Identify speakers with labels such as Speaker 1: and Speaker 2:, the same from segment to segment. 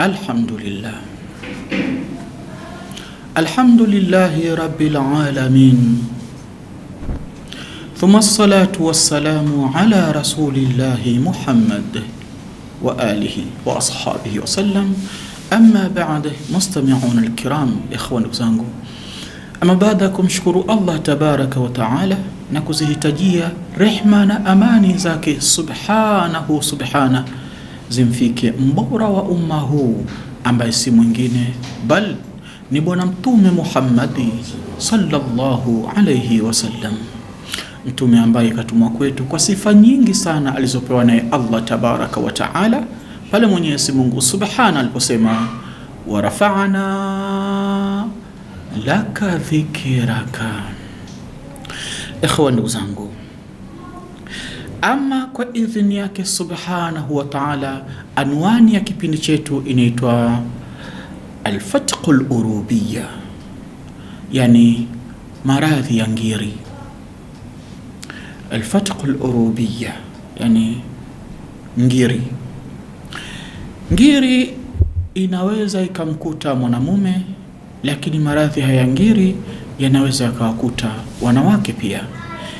Speaker 1: الحمد لله الحمد لله رب العالمين ثم الصلاة والسلام على رسول الله محمد وآله وأصحابه وسلم أما بعد مستمعون الكرام إخوان zangu أما بعدكم شكروا الله تبارك وتعالى نكوزه تجية رحمنا أماني زاكي سبحانه سبحانه zimfike mbora wa umma huu ambaye si mwingine bal ni Bwana Mtume Muhammadi sallallahu alayhi wasallam, mtume ambaye katumwa kwetu kwa sifa nyingi sana alizopewa naye Allah tabaraka wa taala, pale Mwenyezi Mungu subhana aliposema warafa'na laka dhikiraka. Ikhwa, ndugu zangu ama kwa idhini yake subhanahu wa taala, anwani ya kipindi chetu inaitwa alfatqul urubiya, yani maradhi ya ngiri. Alfatqul lurubiya, yani ngiri. Ngiri inaweza ikamkuta mwanamume, lakini maradhi haya ngiri yanaweza yakawakuta wanawake pia,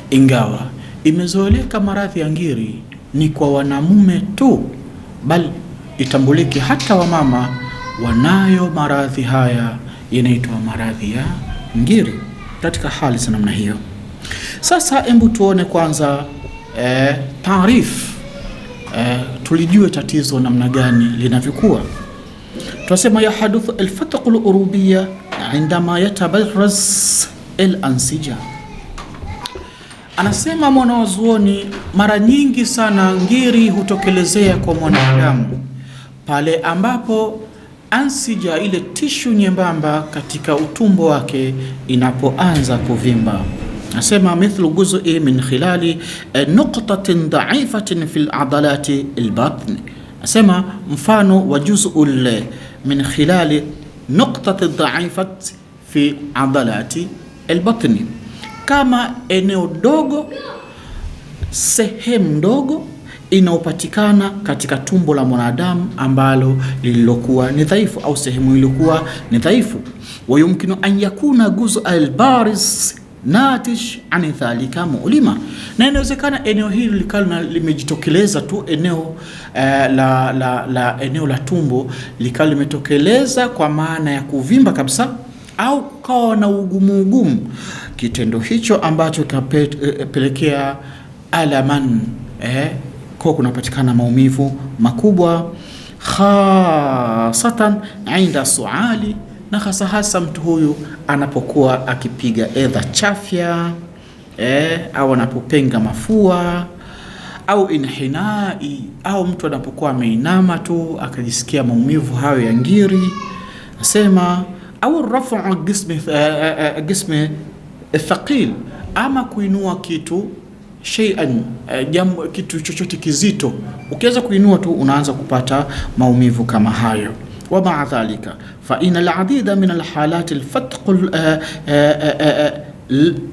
Speaker 1: ingawa Imezoeleka maradhi ya ngiri ni kwa wanamume tu, bali itambulike hata wamama wanayo maradhi haya, yanaitwa maradhi ya ngiri katika hali za namna hiyo. Sasa hebu tuone kwanza eh, taarifu eh, tulijue tatizo namna gani linavyokuwa. Tunasema yahaduthu alfataqu urubia indama yatabaraz alansija Anasema zuoni, mara nyingi sana ngiri hutokelezea kwa mwanadamu pale ambapo ansija, ile tishu nyembamba katika utumbo wake inapoanza kuvimba. Anasema mithlu juzui min khilali e, nuqtatin dha'ifatin fil adalati albatn, anasema mfano wa juz'ul min khilali nuqtatin dha'ifat fi adalati albatni kama eneo dogo, sehemu ndogo inayopatikana katika tumbo la mwanadamu ambalo lililokuwa ni dhaifu au sehemu iliyokuwa ni dhaifu. wayumkinu an yakuna guzu albaris natish ani dhalika mulima, na inawezekana eneo hili likawa limejitokeleza tu eneo uh, la, la, la eneo la tumbo likawa limetokeleza kwa maana ya kuvimba kabisa au kukawa na ugumu ugumu, kitendo hicho ambacho kinapelekea eh, alaman eh, kwa kunapatikana maumivu makubwa khasatan inda suali, na hasa hasa mtu huyu anapokuwa akipiga edha chafya eh, au anapopenga mafua au inhinai, au mtu anapokuwa ameinama tu akajisikia maumivu hayo ya ngiri, nasema au rafuu jismi jismi uh, uh, uh, thaqil, ama kuinua kitu shay'an, jambo kitu chochote kizito, ukiweza kuinua tu unaanza kupata maumivu kama hayo. Wa maa dhalika fa ina al-adida min al-halat al-fatq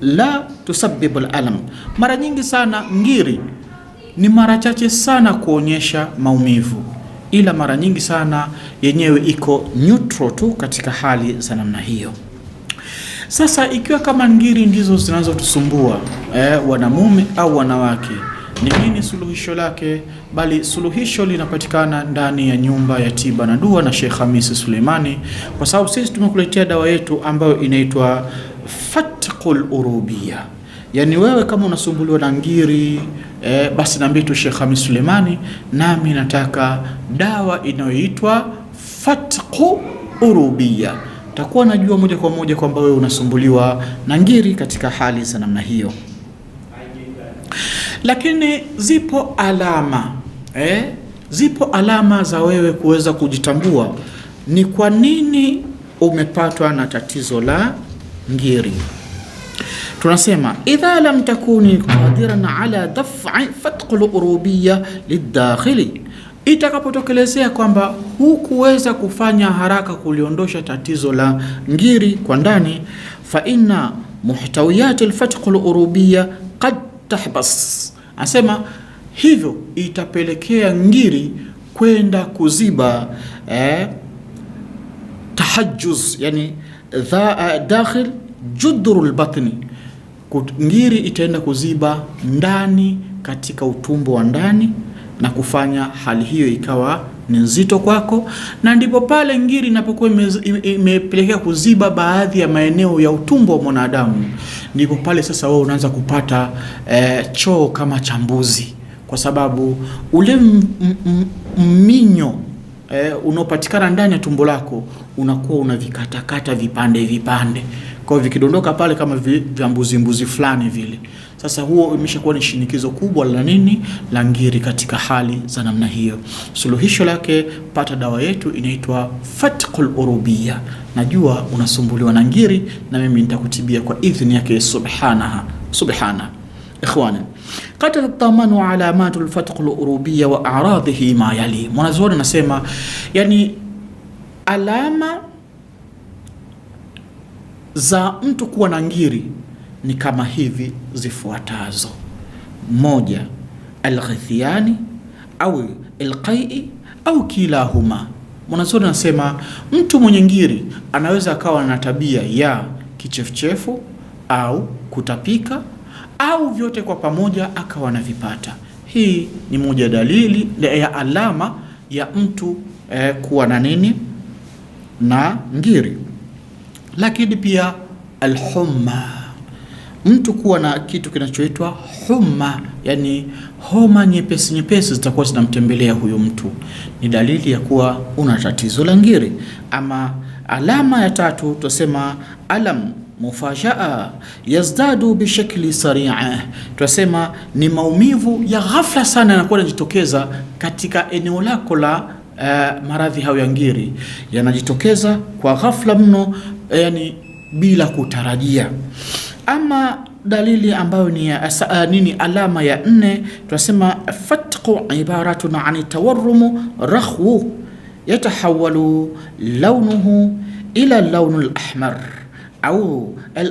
Speaker 1: la tusabbibu al mara nyingi sana ngiri ni mara chache sana kuonyesha maumivu ila mara nyingi sana yenyewe iko neutral tu katika hali za namna hiyo. Sasa ikiwa kama ngiri ndizo zinazotusumbua eh, wanamume au wanawake, ni nini suluhisho lake? Bali suluhisho linapatikana ndani ya nyumba ya tiba na dua na Sheikh Hamisi Suleimani, kwa sababu sisi tumekuletea dawa yetu ambayo inaitwa Fatqul Urubia yani wewe kama unasumbuliwa na ngiri e, basi niambie tu Sheikh hamis Sulemani, nami nataka dawa inayoitwa fatqu urubia. Takuwa najua moja kwa moja kwamba wewe unasumbuliwa na ngiri katika hali za namna hiyo. Lakini zipo alama e, zipo alama za wewe kuweza kujitambua ni kwa nini umepatwa na tatizo la ngiri tunasema idha lam takuni qadiran ala daf'i fatqul urubiyya lidakhili, itakapotokelezea kwamba hukuweza kufanya haraka kuliondosha tatizo la ngiri kwa ndani, fa inna muhtawiyat alfatqul urubiyya qad tahbas, asema hivyo itapelekea ngiri kwenda kuziba eh, tahajjuz yani dha, uh, dakhil judrul batni ngiri itaenda kuziba ndani katika utumbo wa ndani na kufanya hali hiyo ikawa ni nzito kwako, na ndipo pale ngiri inapokuwa imepelekea kuziba baadhi ya maeneo ya utumbo wa mwanadamu, ndipo pale sasa wewe unaanza kupata eh, choo kama cha mbuzi, kwa sababu ule mminyo eh, unaopatikana ndani ya tumbo lako unakuwa una vikatakata vipande vipande. Kwa vikidondoka pale kama vya mbuzi mbuzi fulani vile. Sasa huo imeshakuwa ni shinikizo kubwa la nini la ngiri katika hali za namna hiyo. Suluhisho lake, pata dawa yetu inaitwa Fatqul Urubia. Najua unasumbuliwa na ngiri, na mimi nitakutibia kwa idhini yake subhanaha subhana. Ikhwana, kata tamanu alamatu fatqul urubia wa aradhihi ma yali. Mwanazuoni anasema yani alama za mtu kuwa na ngiri ni kama hivi zifuatazo: moja, alghithiani au alqai au kilahuma. Mwanazuoni anasema mtu mwenye ngiri anaweza akawa na tabia ya kichefuchefu au kutapika au vyote kwa pamoja akawa na vipata. Hii ni moja dalili ya alama ya mtu eh, kuwa na nini na ngiri. Lakini pia alhumma, mtu kuwa na kitu kinachoitwa humma, yani homa nyepesi nyepesi zitakuwa zinamtembelea huyu mtu, ni dalili ya kuwa una tatizo la ngiri. Ama alama ya tatu tuasema alam mufajaa yazdadu bishakli saria, tunasema ni maumivu ya ghafla sana yanakuwa yanajitokeza katika eneo lako la uh, maradhi hayo ya ngiri yanajitokeza kwa ghafla mno Eh, yani bila kutarajia. Ama dalili ambayo ni ya asa, eh, nini alama ya nne tunasema fatqu ibaratun an tawarrumu rakhwu yatahawalu launuhu ila launu lahmar au al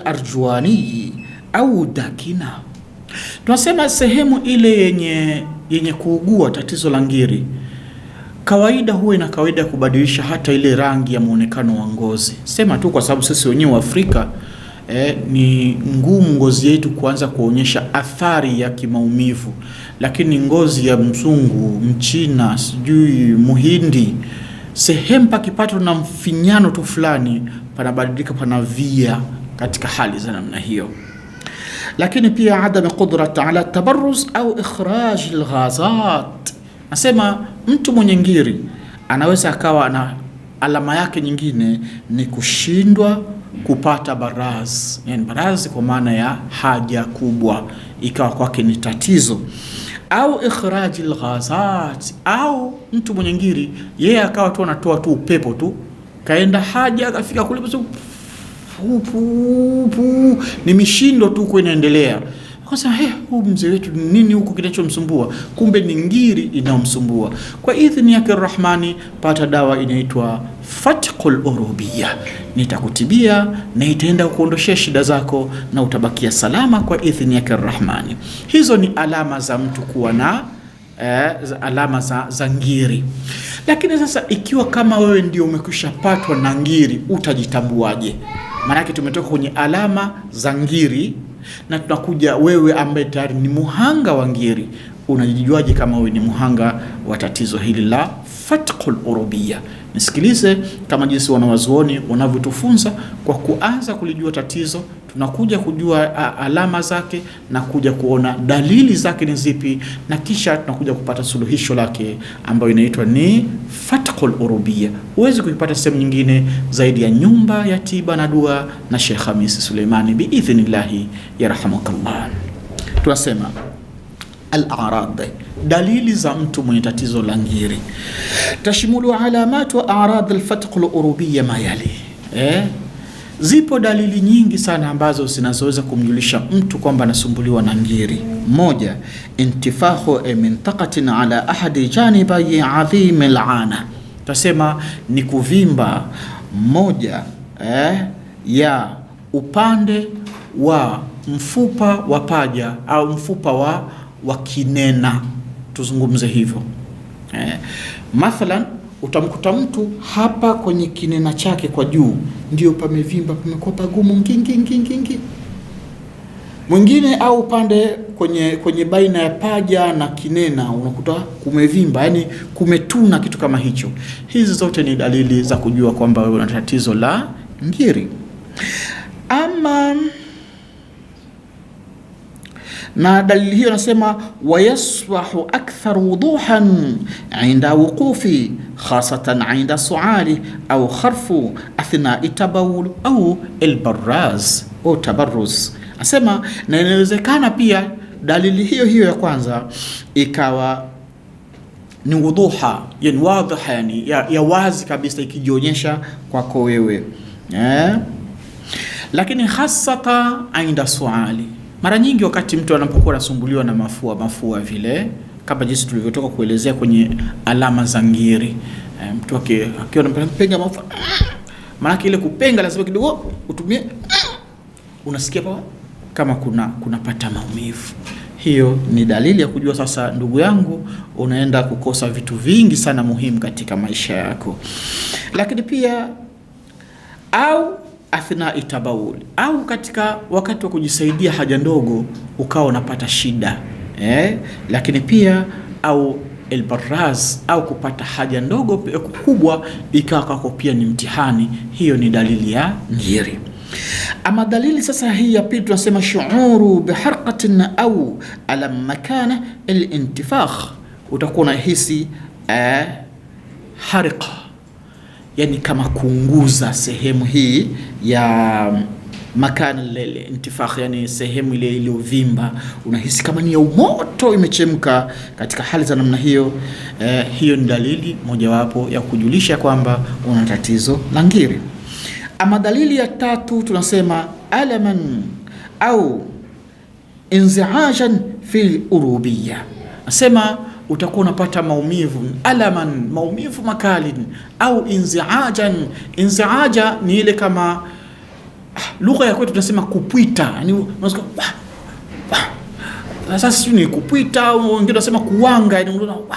Speaker 1: au dakina. Tunasema sehemu ile yenye, yenye kuugua tatizo la ngiri Kawaida huwa ina kawaida ya kubadilisha hata ile rangi ya muonekano wa ngozi. Sema tu kwa sababu sisi wenyewe afrika eh, ni ngumu ngozi yetu kuanza kuonyesha athari ya kimaumivu, lakini ngozi ya mzungu, mchina, sijui muhindi, sehemu pakipatwa na mfinyano tu fulani panabadilika, panavia katika hali za namna hiyo. Lakini pia adam qudrat ala tabarruz au ikhraj alghazat, nasema Mtu mwenye ngiri anaweza akawa na alama yake nyingine ni kushindwa kupata baraz, yani baraz kwa maana ya haja kubwa, ikawa kwake ni tatizo, au ikhraji lghazat, au mtu mwenye ngiri yeye akawa tu anatoa tu upepo tu, kaenda haja akafika kule pupu, ni mishindo tu kuendelea inaendelea. Kwanza he, huu mzee wetu nini huku kinachomsumbua? Kumbe ni ngiri inayomsumbua. Kwa idhini yake Rahmani, pata dawa inaitwa fatqul Urubia, nitakutibia na itaenda kuondoshea shida zako na utabakia salama kwa idhini yake Rahmani. Hizo ni alama za mtu kuwa na eh, alama za, za ngiri. Lakini sasa ikiwa kama wewe ndio umekwisha patwa na ngiri utajitambuaje? Maanake tumetoka kwenye alama za ngiri na tunakuja wewe ambaye tayari ni muhanga wa ngiri, unajijuaje kama wewe ni muhanga wa tatizo hili la fatqul urubia? Nisikilize kama jinsi wanawazuoni wanavyotufunza kwa kuanza kulijua tatizo tunakuja kujua alama zake na kuja kuona dalili zake ni zipi, na kisha tunakuja kupata suluhisho lake ambayo inaitwa ni Fathul Urubia. Huwezi kuipata sehemu nyingine zaidi ya nyumba ya tiba na dua na Sheikh Hamis Suleimani biidhnillahi yarhamukallah. Tunasema al-a'rad, dalili za mtu mwenye tatizo la ngiri, tashimulu alamat wa a'rad al-fathul urubia mayali eh Zipo dalili nyingi sana ambazo zinazoweza kumjulisha mtu kwamba anasumbuliwa na ngiri. Moja, intifahu mintaqatin ala ahadi janibai adhim lana, tasema ni kuvimba moja eh, ya upande wa mfupa wa paja au mfupa wa wa kinena, tuzungumze hivyo eh, mathalan utamkuta mtu hapa kwenye kinena chake kwa juu ndio pamevimba, pamekuwa pagumu ngingi Mwingine au upande kwenye kwenye baina ya paja na kinena unakuta kumevimba, yani kumetuna, kitu kama hicho. Hizi zote ni dalili za kujua kwamba wewe una tatizo la ngiri. Ama na dalili hiyo nasema, wayasbahu aktharu wuduhan inda wuqufi khasatan inda suali au kharfu athnai itabawul au elbaraz au tabaruz. Asema na inawezekana pia dalili hiyo hiyo ya kwanza ikawa ni wuduha, yani wadhiha, yani ya, ya wazi kabisa ikijionyesha kwako wewe yeah. Lakini hasata inda suali, mara nyingi wakati mtu anapokuwa anasumbuliwa na mafua mafua vile kama jinsi tulivyotoka kuelezea kwenye alama za ngiri. E, mtu akiwa penga mafuta, ah! maanake ile kupenga lazima kidogo oh, utumie, ah! unasikia pa kama kuna kunapata maumivu. Hiyo ni dalili ya kujua sasa, ndugu yangu, unaenda kukosa vitu vingi sana muhimu katika maisha yako. Lakini pia au athna itabauli au katika wakati wa kujisaidia haja ndogo ukawa unapata shida eh, lakini pia au elbaraz au kupata haja ndogo kubwa ikawa kwako pia ni mtihani, hiyo ni dalili ya ngiri. Ama dalili sasa hii ya pili tunasema shuuru biharqatin au alam makana alintifakh, utakuwa unahisi eh, harqa, yani kama kuunguza sehemu hii ya makana lele intifakh, yani sehemu ile iliyovimba, unahisi kama ni ya umoto imechemka. Katika hali za namna hiyo eh, hiyo ni dalili mojawapo ya kujulisha kwamba una tatizo la ngiri. Ama dalili ya tatu tunasema alaman au inziajan fi urubia, nasema utakuwa unapata maumivu alaman, maumivu makali au inzihajan. Inziaja ni ile kama lugha ya kwetu tunasema kupwita, yani unasikia sasa sijui ni kupwita au wengine wanasema kuwanga, yani unaona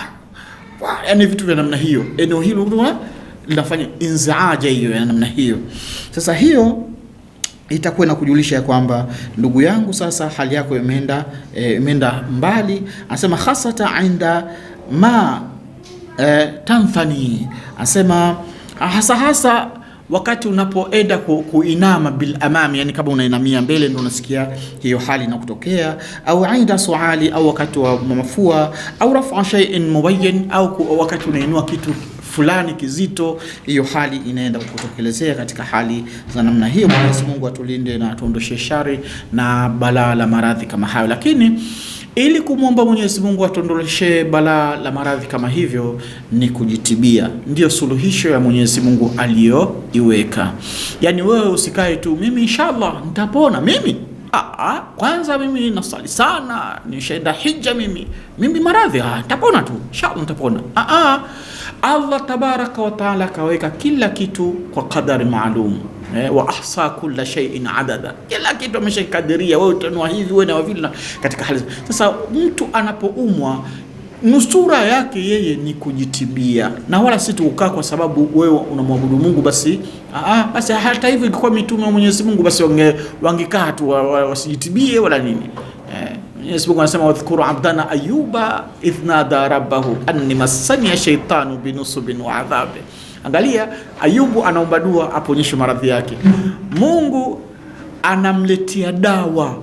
Speaker 1: yani vitu vya namna hiyo. Eneo hilo unaona linafanya inzaaja hiyo ya namna hiyo. Sasa hiyo itakuwa na kujulisha ya kwamba ndugu yangu, sasa hali yako imeenda eh, imeenda e, mbali. Anasema hasata inda ma e, tanfani, anasema ah, hasa hasa wakati unapoenda ku, kuinama bil amami, yani kama unainamia mbele ndio unasikia hiyo hali inakutokea, au aida suali, au wakati wa mafua, au rafa shay'in mubayyin, au wakati unainua kitu fulani kizito, hiyo hali inaenda kutokelezea katika hali za namna hiyo. Mwenyezi Mungu atulinde na atuondoshe shari na balaa la maradhi kama hayo, lakini ili kumwomba Mwenyezi Mungu atondoleshe balaa la maradhi kama hivyo ni kujitibia, ndiyo suluhisho ya Mwenyezi Mungu aliyoiweka. Yaani wewe usikae tu, mimi inshallah nitapona mimi Aa, kwanza mimi nasali sana, nishaenda hija mimi mimi, maradhi nitapona tu inshallah, nitapona. Aa, Allah tabaraka wa taala akaweka kila kitu kwa kadari maalum eh, wa ahsa kulla shay'in adada, kila kitu ameshakadiria, wewe utanua hivi wewe na vile. Katika hali sasa, mtu anapoumwa nusura yake yeye ni kujitibia na wala si tukukaa kwa sababu wewe unamwabudu Mungu basi. Aa, basi hata hivyo ilikuwa mitume wa Mwenyezi Mungu basi wange wangekaa tu wasijitibie wala nini eh. Mwenyezi Mungu anasema wadhkuru abdana ayuba idh nada rabbahu anni massani shaitanu binusubin wa adhabi Angalia, Ayubu anaomba dua aponyeshe maradhi yake, Mungu anamletea dawa.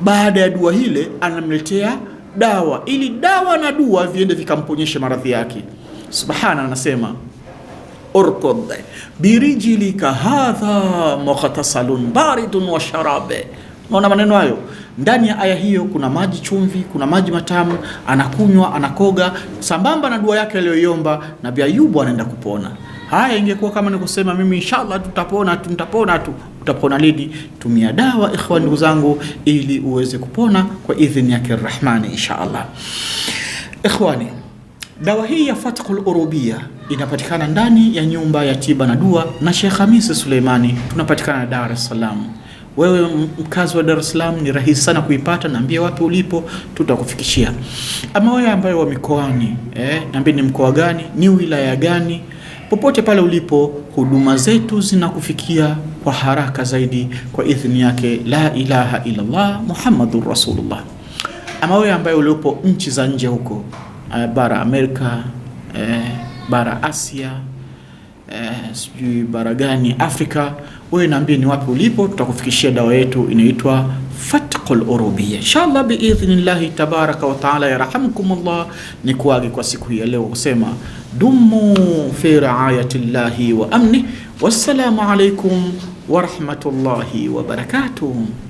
Speaker 1: Baada ya dua hile anamletea dawa ili dawa na dua viende vikamponyeshe maradhi yake. Subhana anasema urkud birijilika hadha mughtasalun baridun wa sharabe. Unaona maneno hayo ndani ya aya hiyo, kuna maji chumvi, kuna maji matamu, anakunywa anakoga, sambamba na dua yake aliyoiomba. Nabii Ayubu anaenda kupona. Haya, ingekuwa kama ni kusema mimi inshallah tutapona tu, tutapona tu. Utapona lidi. Tumia dawa ikhwan, ndugu zangu, ili uweze kupona kwa idhini yake Rahmani inshallah. Ikhwani, dawa hii ya Fathul Urubia inapatikana ndani ya nyumba ya tiba na dua na Sheikh Hamisi Suleimani, tunapatikana Dar es Salaam. Wewe mkazi wa Dar es Salaam ni rahisi sana kuipata, naambia wapi ulipo, tutakufikishia. Ama wewe ambaye wa mikoani eh, naambia ni mkoa gani, ni wilaya gani Popote pale ulipo, huduma zetu zinakufikia kwa haraka zaidi kwa idhini yake la ilaha illallah Muhammadur Rasulullah. Ama wewe ambaye uliopo nchi za nje huko eh, bara Amerika, eh, bara Asia, eh, sijui bara gani Afrika, wewe naambie ni wapi ulipo, tutakufikishia dawa yetu inaitwa فتق الأوروبية إن شاء الله بإذن الله تبارك وتعالى يرحمكم الله نكواجي كو سكوية لو سيما دموا في رعاية الله وأمنه والسلام عليكم ورحمة الله وبركاته